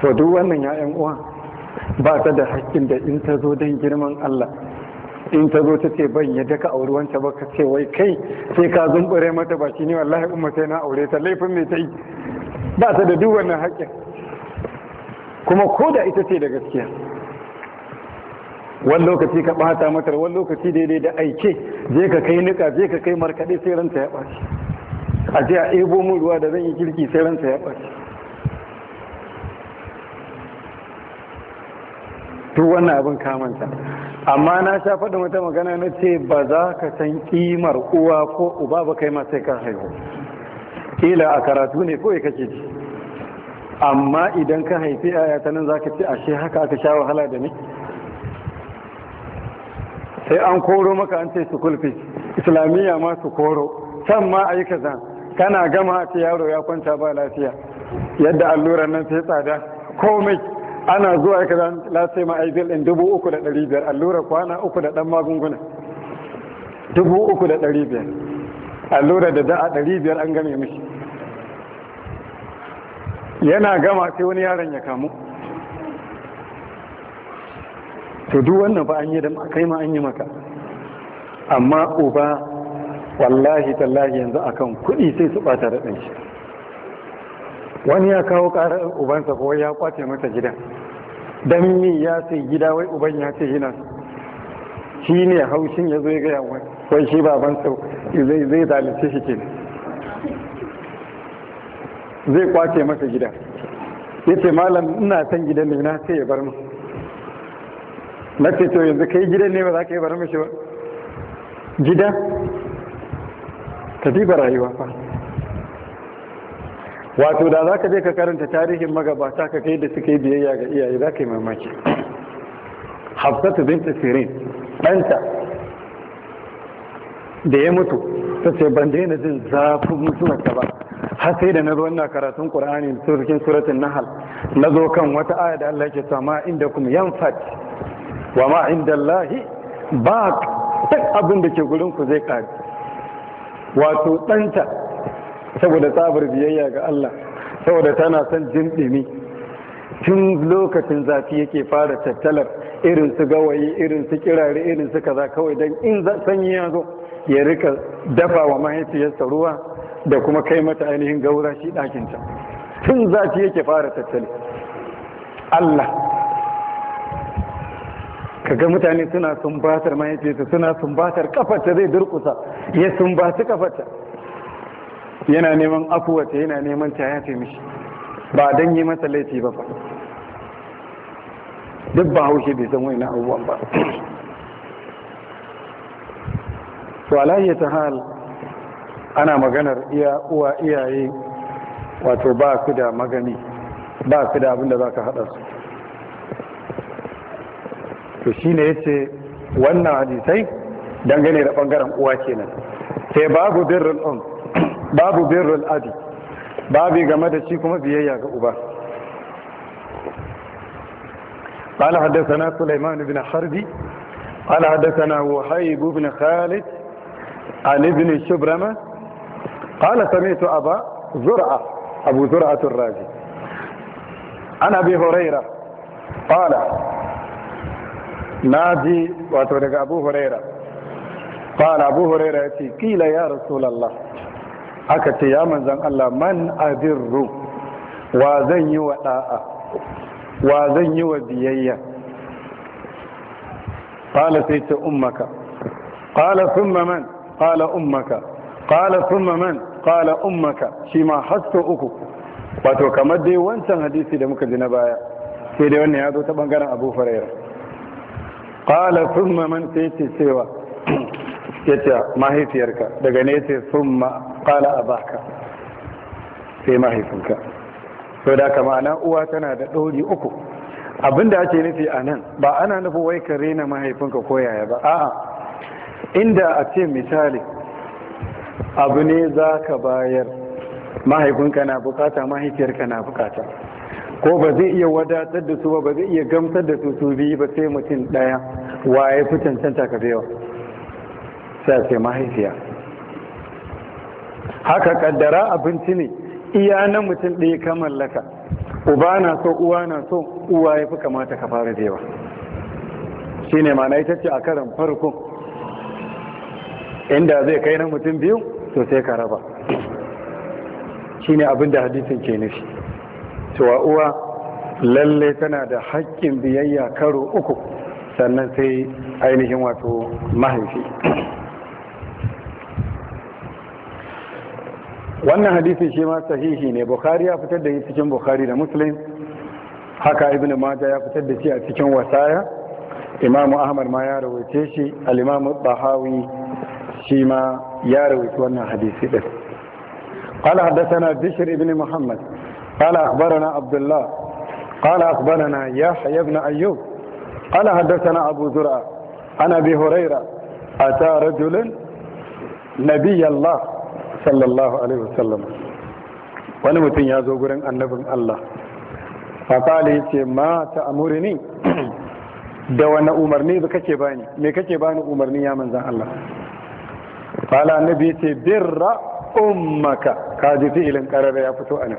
to duk wannan ya'yan uwa ba ta da haƙƙin da in ta zo don girman Allah in ta zo ta ce ban yadda ka auri wancan ba ka ce wai kai sai ka zumbure mata ba shi ne wallahi umma sai na aure ta laifin mai ta yi ba ta da duk wannan haƙƙin kuma ko da ita ce da gaskiya wani lokaci ka bata mata wani lokaci daidai da aike je ka kai nika je ka kai markaɗe sai ranta ya ɓaci a je a ebo mun ruwa da zan yi kirki sai ranta ya ɓaci duk wannan abin kamanta amma na sha faɗin wata magana na ce ba za ka san ƙimar uwa ko uba ba kai ma sai ka haihu ƙila a karatu ne kawai kake ji amma idan ka haifi yaya ta nan za ka ce ashe haka aka sha wahala da ni sai an koro maka an ce su kulfi islamiyya ma su koro san ma yi kaza kana gama ce yaro ya kwanta ba lafiya yadda alluran nan sai tsada komai ana zuwa yi kaza lasai ma ai bil dubu uku da ɗari biyar allura kwana uku da ɗan magunguna dubu uku da ɗari biyar allura da da'a ɗari biyar an game mishi yana gama sai wani yaron ya kamu to duk wannan ba an yi da kai ma an yi maka amma uba wallahi tallahi yanzu akan kuɗi sai su ɓata da ɗanshi wani ya kawo ƙarar ubansa ko ya kwace mata gidan dan mi ya sai gida wai uban ya ce yana shi ne haushin ya zo ya gaya wai shi babansa zai zai zalice shi kenan zai kwace masa gida yace malam ina san gidan ne na sai ya bar mu na ce to yanzu kai gidan ne ba za ka yi bar mishi ba gida ka diba rayuwa fa wato da za ka je ka karanta tarihin magabata ka kai da suka suke biyayya ga iyaye za ka yi mamaki hafsatu binta sirin ɗanta da ya mutu ta ce ban daina jin zafin mutuwarta ba har sai da na zo wannan karatun qur'ani cikin suratul Nahal, na zo kan wata aya da Allah ke cewa ma inda Yan yanfat wa ma inda lahi ba duk abin da ke gurinku zai kare, wato ɗanta saboda tsabar biyayya ga Allah saboda tana son jin ɗimi tun lokacin zafi yake fara tattalar irin su gawayi irin su kirare irin su kaza kawai don in sanyi ya zo ya rika dafa wa mahaifiyarsa ruwa da kuma kai mata ainihin gaura shi ɗakinta tun zafi yake fara tattali Allah kaga mutane suna sumbatar mahaifiyarsa suna sumbatar kafarta zai durkusa ya sumbaci kafarta yana neman afuwata yana neman ta ya mishi ba don yi masa laifi ba duk ba haushe bai san wani abubuwan ba to alayya ta hal ana maganar iya uwa iyaye wato ba su da magani ba su da abin da za ka haɗa su to ya ce wannan hadisai dangane da ɓangaren uwa kenan sai babu birrin um, on babu birrin adi babu game da shi kuma biyayya ga uba قال حدثنا سليمان بن حربي قال حدثنا وهيب بن خالد عن ابن شبرمة قال سمعت أبا زرعة أبو زرعة الرازي عن أبي هريرة قال na ji wato daga abu huraira fara abu huraira ya ce kila ya rasulallah aka ce ya manzan Allah man abirru wa zan yi wa da'a wa zan yi wa biyayya qala sai ce ummaka qala thumma man qala ummaka qala thumma man qala ummaka shi ma hasso uku wato kamar dai wancan hadisi da muka ji na baya sai dai wannan ya zo ta bangaren Abu Hurairah qala thumma man sai ce cewa yace mahaifiyarka daga ne yace thumma a baka sai mahaifinka sau da kama uwa tana da ɗori uku abinda ake nufi a nan ba ana nufin wai ka rena mahaifinka ko yaya ba a'a inda a ce misali abu ne za ka bayar mahaifinka na bukata mahaifiyarka na bukata ko ba zai iya wadatar da su ba ba zai iya gamsar da su su biyu ba sai mutum ɗaya wa ya fi cancanta ka bewa sai sai mahaifiya haka kaddara abinci ne iya na mutum ɗaya ka mallaka uba na so uwa na so uwa ya fi kamata ka fara bewa shi ne mana ita ce a karan farko inda zai kai na mutum biyu to sai ka raba shi ne abin da hadisin ke nufi cewa uwa lalle tana da haƙƙin biyayya karo uku sannan sai ainihin wato mahaifi wannan hadisi shi ma sahihi ne bukhari ya fitar da shi cikin bukhari da muslim haka ibn maja ya fitar da shi a cikin wasaya imamu ahmad ma ya rawaice shi al bahawi shi ma ya rawaice wannan hadisi din قال حدثنا بشر بن محمد قال أخبرنا عبد الله قال أخبرنا يحيى بن أيوب قال حدثنا أبو زرع عن أبي هريرة أتى رجل نبي الله صلى الله عليه وسلم wani mutum ya zo gurin annabin Allah faƙali ya ce ma da wani umarni da kake bani me kake bani umarni ya manzan Allah fala annabi ce birra ummaka kaji ji fi'ilin ƙarara ya fito anan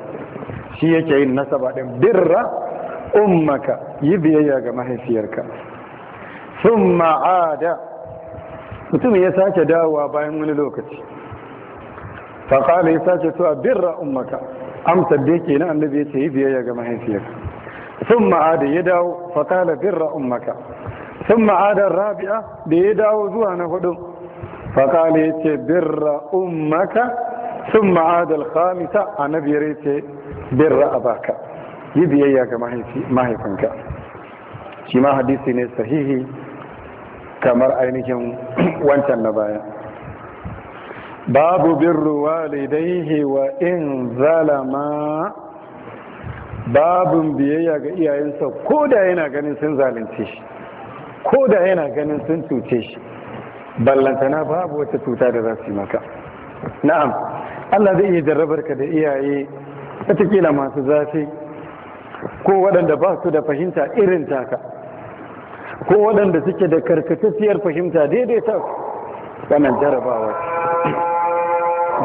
shi yake yin nasaba din birra ummaka yi biyayya ga mahaifiyarka Sun ma'ada mutum ya sake dawowa bayan wani lokaci faƙala ya sace to a birra ummaka amsar da yake na annabi ce yi biyayya ga mahaifiyarka Sun ma'ada ya dawo faƙala birra ummaka Sun ma'ada rabi'a da ya dawo zuwa na hudu faƙala ce birra ummaka sun ma'ada al biyar ya ce. bin ka, yi biyayya ga mahaifinka shi ma hadisi ne sahihi kamar ainihin wancan na baya babu birru walidaihi wa in zalama babun biyayya ga iyayensa ko da yana ganin sun zalunce shi ko da yana ganin sun cuce shi ballantana babu wata cuta da za su yi maka na'am Allah zai iya jarrabar ka da iyaye watakila masu zafi ko waɗanda ba su da fahimta irin taka ko waɗanda suke da karkatacciyar fahimta daidai ta ku wannan jarabawa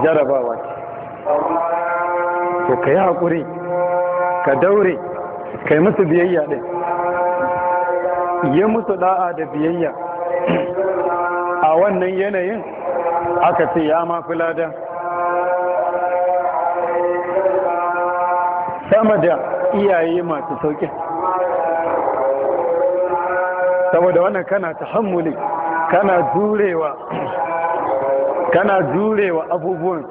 jarabawa to ka yi haƙuri ka daure ka musu biyayya ɗin yi musu ɗa'a da biyayya a wannan yanayin aka ce ya mafi ladan sama da iyaye masu sauƙi saboda wannan kana ta hammuli kana jurewa kana jurewa abubuwan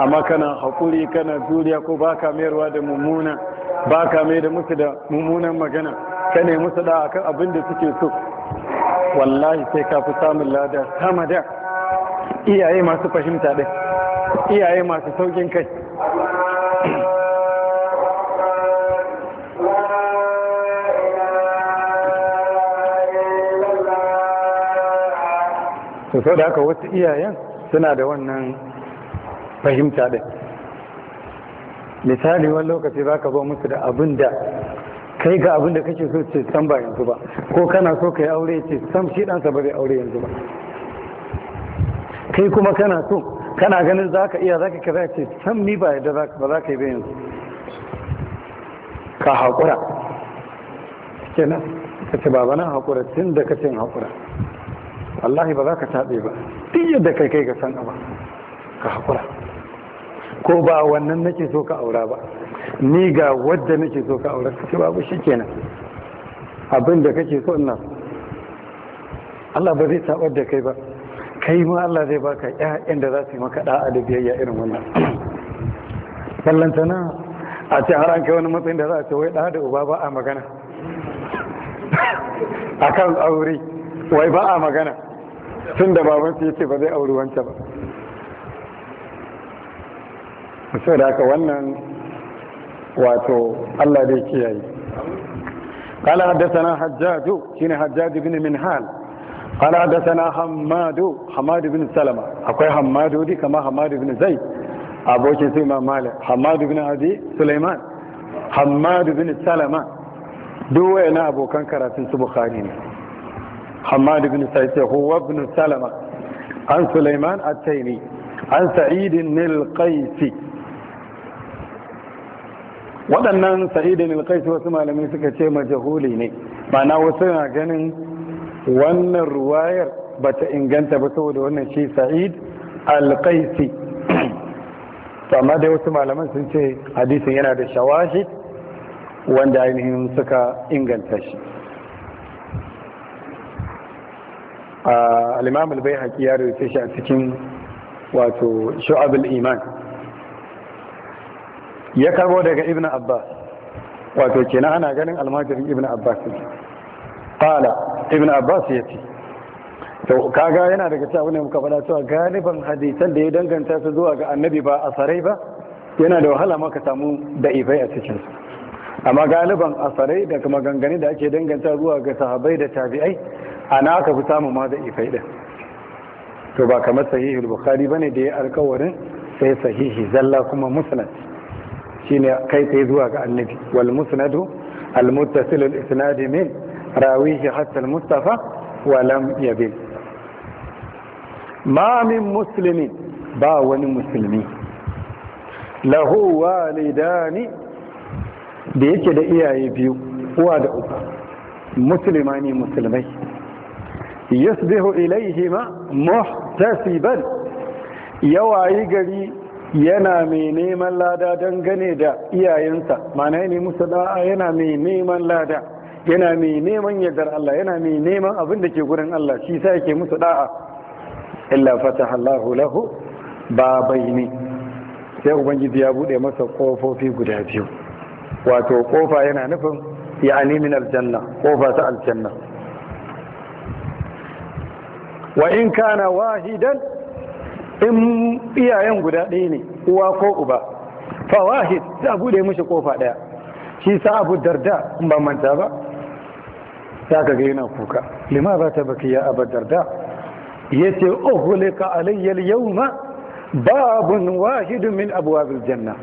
amma kana haƙuri kana juriya ko ba ka mayarwa da mummuna ba ka mai da musu da mummunan magana ka ne musu da akan abin da suke so wallahi sai ka fi samun lada sama da iyaye masu fahimta ɗin iyaye masu saukin kai to sau da aka wasu iyayen suna da wannan fahimta ɗin misali wani lokaci za ka zo musu da abin da kai ga abin da kake so ce san ba yanzu ba ko kana so ka yi aure ce san shi ɗansa ba zai aure yanzu ba kai kuma kana so kana ganin za ka iya za ka kira ce san ni ba yadda ba za ka yi yanzu ka haƙura kenan ka ce baba nan haƙura tun da ka ce haƙura Allah ba za ka taɓe ba duk yadda kai kai ga san ba ka haƙura ko ba wannan nake so ka aura ba ni ga wadda nake so ka aura ka ce babu shi kenan abin da kake so ina Allah ba zai taɓar da kai ba kai ma Allah zai baka ƴaƴan da za su yi maka da'a da biyayya irin wannan ballantana a ce har an kai wani matsayin da za a ce wai da uba ba a magana akan aure wai ba a magana tun da babansu ya ce ba zai auri wancan ba so da haka wannan wato Allah ya kiyaye قال حدثنا حجاج شين حجاج بن منهال قال حدثنا حماد حماد بن سلمة أقوي حماد دي كما حماد بن زيد أبوكي سيما مالك حماد بن أبي سليمان حماد بن سلمة دو أنا أبو كان كراتين سبخاني حماد بن سعيد هو ابن سلمة عن سليمان التيمي عن سعيد القيسي waɗannan sa'idin alkaisu wasu malamai suka ce majahuli ne ma'ana wasu na ganin wannan ruwayar ba ta inganta ba saboda wannan shi sa'id alkaisi amma dai wasu malaman sun ce hadisin yana da shawashi wanda ainihin suka inganta shi al-imam al-baihaqi ya rawaita shi a cikin wato shu'abul iman ya karbo daga ibn abbas wato kenan ana ganin almajirin ibn abbas ne qala ibn abbas ya ce, to kaga yana daga cewa ne muka faɗa cewa galiban hadisan da ya danganta su zuwa ga annabi ba asarai ba yana da wahala maka samu da'ifai a cikinsu. A galiban asarai da kuma gangane da ake danganta zuwa ga sahabai da tabi'ai ana aka fi samun ma da ifai din to ba kamar sahihul bukhari bane da ya alkawarin sai sahihi zalla kuma musnad shine kai tsaye zuwa ga annabi wal musnadu al muttasil al isnad min rawihi hatta al mustafa wa lam ma min muslimin ba wani musulmi lahu walidani da yake da iyaye biyu uwa da uba musulma ne musulmai yasbihu ilaihima muhtasiban yawayi gari yana mai neman lada dangane da iyayensa mana ne musula'a yana mai neman lada yana mai neman yadar Allah yana mai neman abin da ke gurin Allah shi sa yake musu da'a illa fataha Allahu lahu babaini sai ubangiji ya bude masa kofofi guda biyu wato kofa yana nufin ani min aljanna kofa ta aljanna wa in kana wahidan in iyayen guda ɗaya ne uwa ko uba fa wahid za bude mishi kofa ɗaya shi sa abu darda in ba manta ba za ka ga yana kuka lima ba ta baki ya abu darda ya ce ohulika alayyal yau ma babun wahidun min abuwa janna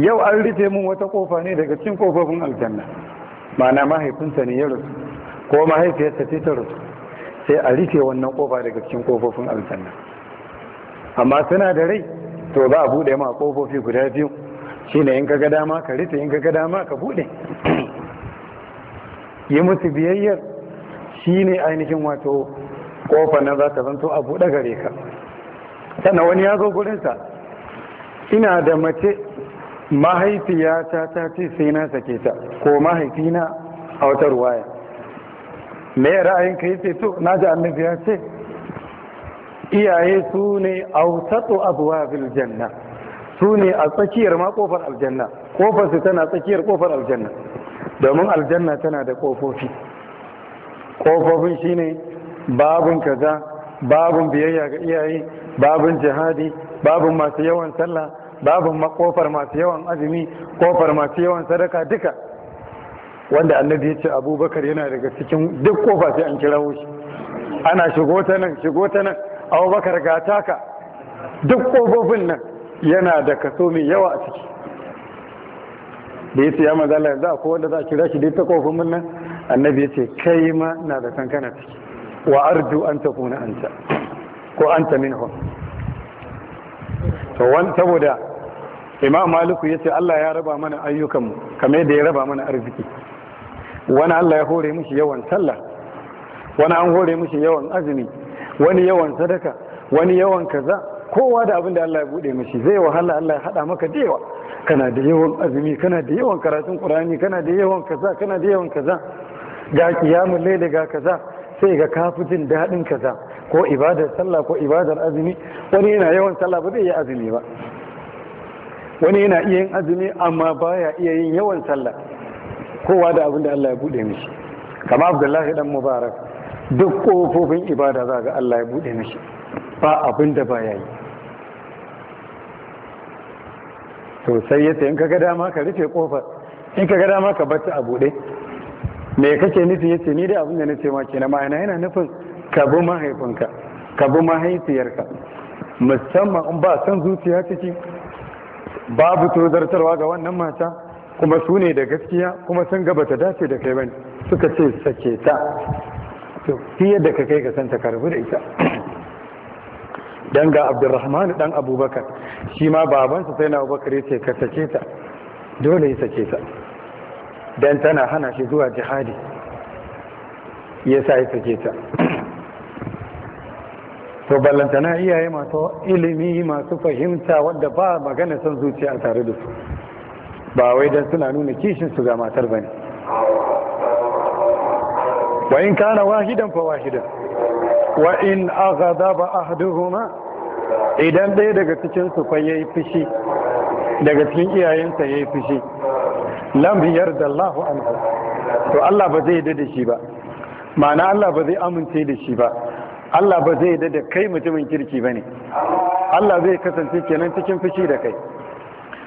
yau an rufe mun wata kofa ne daga cikin kofofin aljanna ma'ana mahaifinsa ne ya rasu ko mahaifiyarsa ce ta rasu sai a rufe wannan kofa daga cikin kofofin aljanna amma suna da rai to ba a bude ma kofofi guda biyu shine in ga dama ka rufe in ga dama ka bude yi musu biyayyar shine ainihin wato kofa na za ta zanto a bude gare ka sannan wani ya zo gurinsa ina da mace mahaifiyata ta ce sai na sake ta ko mahaifina a wata ruwaya me ra'ayin ka yace to na ji annabi ya ce iyaye su ne autatu abwabil janna su ne a tsakiyar ma kofar aljanna kofar su tana tsakiyar kofar aljanna domin aljanna tana da kofofi kofofin shine babun kaza babun biyayya ga iyaye babun jihadi babun masu yawan sallah babin makofar masu yawan azumi kofar masu yawan sadaka duka wanda annabi ya ce abubakar yana daga cikin duk kofa sai an kira shi ana shigo ta nan shigo ta nan abubakar ga taka duk kofofin nan yana da kaso mai yawa a ciki da ya ce ya mazala yanzu ko wanda za a kira shi dai ta kofin mun nan annabi ya ce kai ma na da kankana ciki wa arju an ta kuna anta ko anta minhum to wani saboda imam maliku ya ce allah ya raba mana ayyukanmu kamar yadda ya raba mana arziki wani allah ya hore mishi yawan sallah wani an hore mishi yawan azumi wani yawan sadaka wani yawan kaza kowa da abin da allah ya bude mishi zai wahala allah ya hada maka da yawa kana da yawan azumi kana da yawan karatun qur'ani kana da yawan kaza kana da yawan kaza ga kiyamul layli ga kaza sai ga kafi jin daɗin kaza ko ibadar sallah ko ibadar azumi wani yana yawan sallah ba zai yi azumi ba wani yana iya yin azumi amma baya iya yin yawan sallah kowa da abin da Allah ya bude mishi kama abdullahi dan mubarak duk kofofin ibada za ga Allah ya bude mishi ba abin da baya yi to sai yace in kaga dama ka rufe kofar in kaga dama ka bar ta a bude me kake nufi yace ni da abin da nace ma kenan ma'ana yana nufin ka bi mahaifinka ka bi mahaifiyarka musamman in ba son zuciya ciki babu tozartarwa ga wannan mata kuma su ne da gaskiya kuma sun gaba ta dace da kai bane suka ce sake ta to fi yadda ka kai ka san ta karbu da ita dan ga Abdurrahman dan Abubakar shi ma babansa sai na Abubakar yace ka sake ta dole ya sake ta dan tana hana shi zuwa jihadi yasa ya sake ta to ballantana iyaye masu ilimi masu fahimta wadda ba magana son zuciya a tare da su ba wai don suna nuna kishin su ga matar bane wa in kana wahidan fa wahidan wa in ba ahaduhuma idan ɗaya daga cikin su fa yayi fishi daga cikin iyayensa yayi fishi lam yarda Allahu anhu to Allah ba zai yarda da shi ba ma'ana Allah ba zai amince da shi ba Allah ba zai da kai mutumin kirki ba ne Allah zai kasance kenan cikin fushi da kai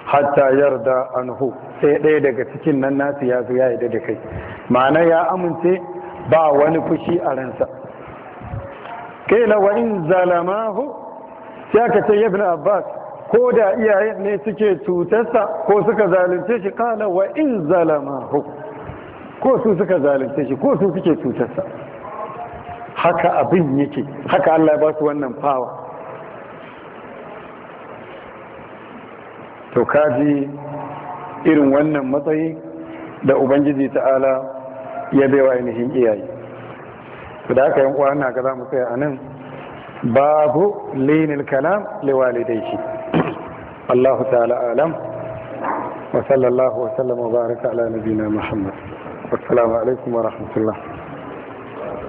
hatta yarda anhu sai ɗaya daga cikin nan nasu ya zo ya da kai ma'ana ya amince ba wani fushi a ransa na wa in zalamahu sai aka ce yabin abbas ko da iyaye ne suke cutarsa ko suka zalunce shi kala wa in zalamahu ko su suka zalunce shi ko su suke cutarsa haka abin yake haka Allah ya ba su wannan fawa to kaji irin wannan matsayi da ubangiji ta'ala ya baiwa ainihin iyaye da aka yin uwa na ga za mu tsaya a nan babu linil kalam shi. Allahu ta'ala alam wa sallallahu wa sallama wa baraka ala nabina Muhammad assalamu alaikum wa rahmatullah